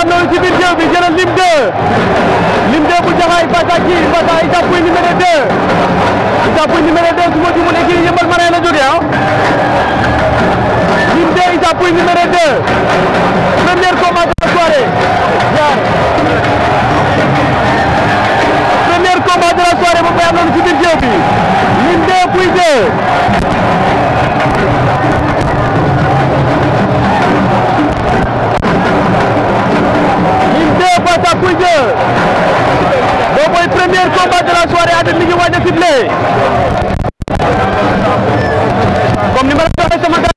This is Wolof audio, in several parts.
am na ci biir géew bi jëlal lim 2 lim 2 bu jaxaay Bata kii Bata Issa Pouye numéro 2 Issa Pouye numéro 2 su ma jumul kii yëmbal mara la jógee ah lim 2 Issa Pouye numéro 2 premier combat droit de cibler. Comme ni ma la waxee sama gars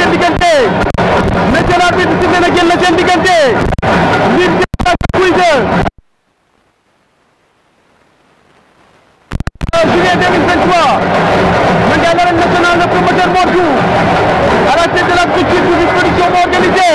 చెందుకంటే majority కింద గెలిన చెందుకంటే National promoter Morgu. Arate de la petite du disposition organisée.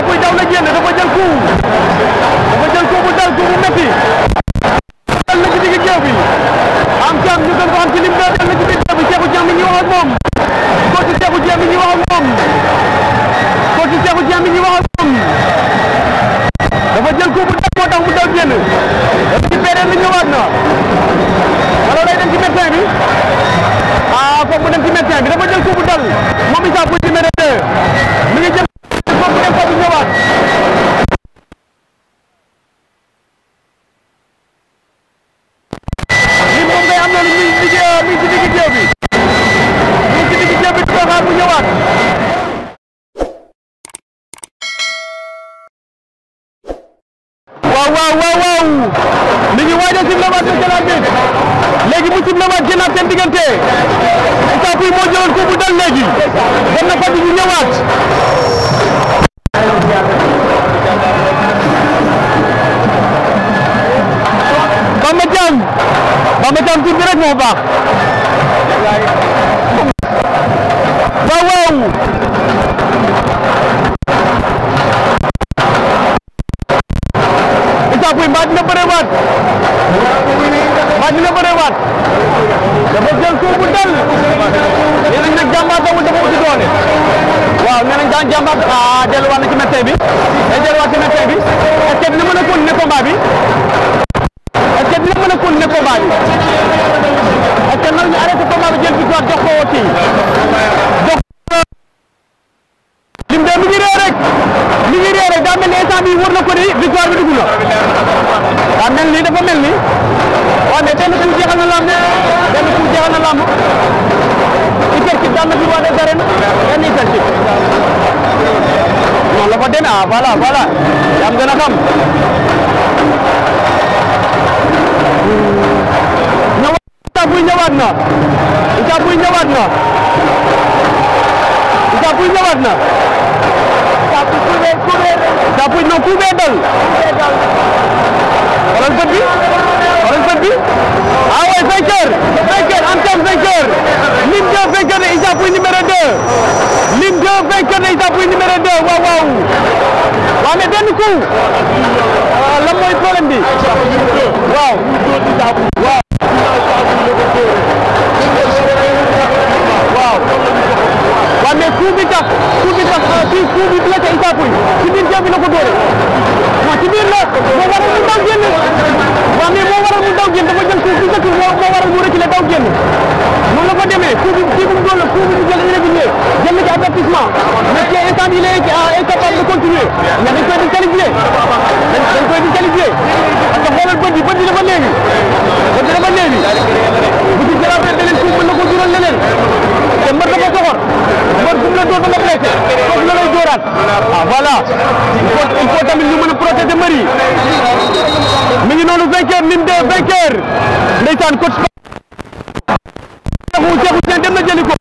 Papoy daw na génn dafa jël coup dafa jël coup bu dal coup bu métti dal na ci digg géew bi am cam ñu gën ko am ci lim dal na ci digg géew bi Cheikhou Dieng mi ñu wax ak moom coach Cheikhou Dieng mi ñu wax ak moom coach Cheikhou Dieng mi ñu wax ak moom dafa jël coup bu dal moo tax mu daw génn dafa ci beneen bi ñëwaat na wala day dem ci médecin bi ah comme mu dem ci médecin bi dafa jël coup bu dal moom Issa Pouye waaw waaw waaw mi ngi waaj a siflewaat na jëlaat bi léegi mu siflewaat jëlaat seen diggante Issa Pouye moo jëloon ko bu dal léegi dem na fàttali ñu ñëwaat Bamba Thiam Bamba Thiam tur bi rek moo baax bëre waat mbaa dina bëre waat jël suuf bu dal nee nañ nag jàmbaar boobu dafa uti doole waaw nee nañ daan jàmbaar ah delluwaat na ci médecin bi day delluwaat ci médecin bi est-ce que dina mën bi est-ce que dina mën bi est-ce que nar ñu arrêté combat bi jël bi jox ko kii jox lim de mi ngi réer rek mi ngi réer rek daa ni instant bi wër na ko ni victoire bi dugg na daa mel ni dafa mel ni waaw mais benn coup jeexal na lamb benn coup jeexal na lamb Hypercube daan na fi waa des arènes benn Hypercube non la fa demee ah voilà voilà yaa gën a xam. ñëwaat Issa Pouye ñëwaat na Issa Pouye ñëwaat na Issa Pouye ñëwaat na. Issa Pouye non coup bee dal. xoolal bët bi xoolal bët bi ah oui vainqueur vainqueur en lim de Issa Pouye numéro lim de Issa Pouye numéro 2 waaw waaw waaw mais ah, waaw waaw. waaw mais coup bi tax coup bi tax kii ah, coup bi bloqué Issa Pouye ci la ko dóoree Dieng dafa jël suuf bi ci moo moo waral mu rek la daw génn non la ko demee suuf ci fii bu mu doon ci bi ñu jël irrégulier jël na ci avertissement mais ci instant il est incapable de continuer mais dañ koy disqualifié dañ koy disqualifié parce que xoolal bët bi bët bi dafa léegi bët bi dafa léegi bu ci jëlaatee beneen suuf mën na ko jural leneen te mbër dafa soxor mbër fu mu la doon ba nga blessé foofu la lay dooraat ah voilà il faut il faut tamit ñu mën a protéger mbër yi mi ngi noonu vainqueur nim de vainqueur ndeysaan coach Cheikhou Cheikhou Sène dem na jëli ko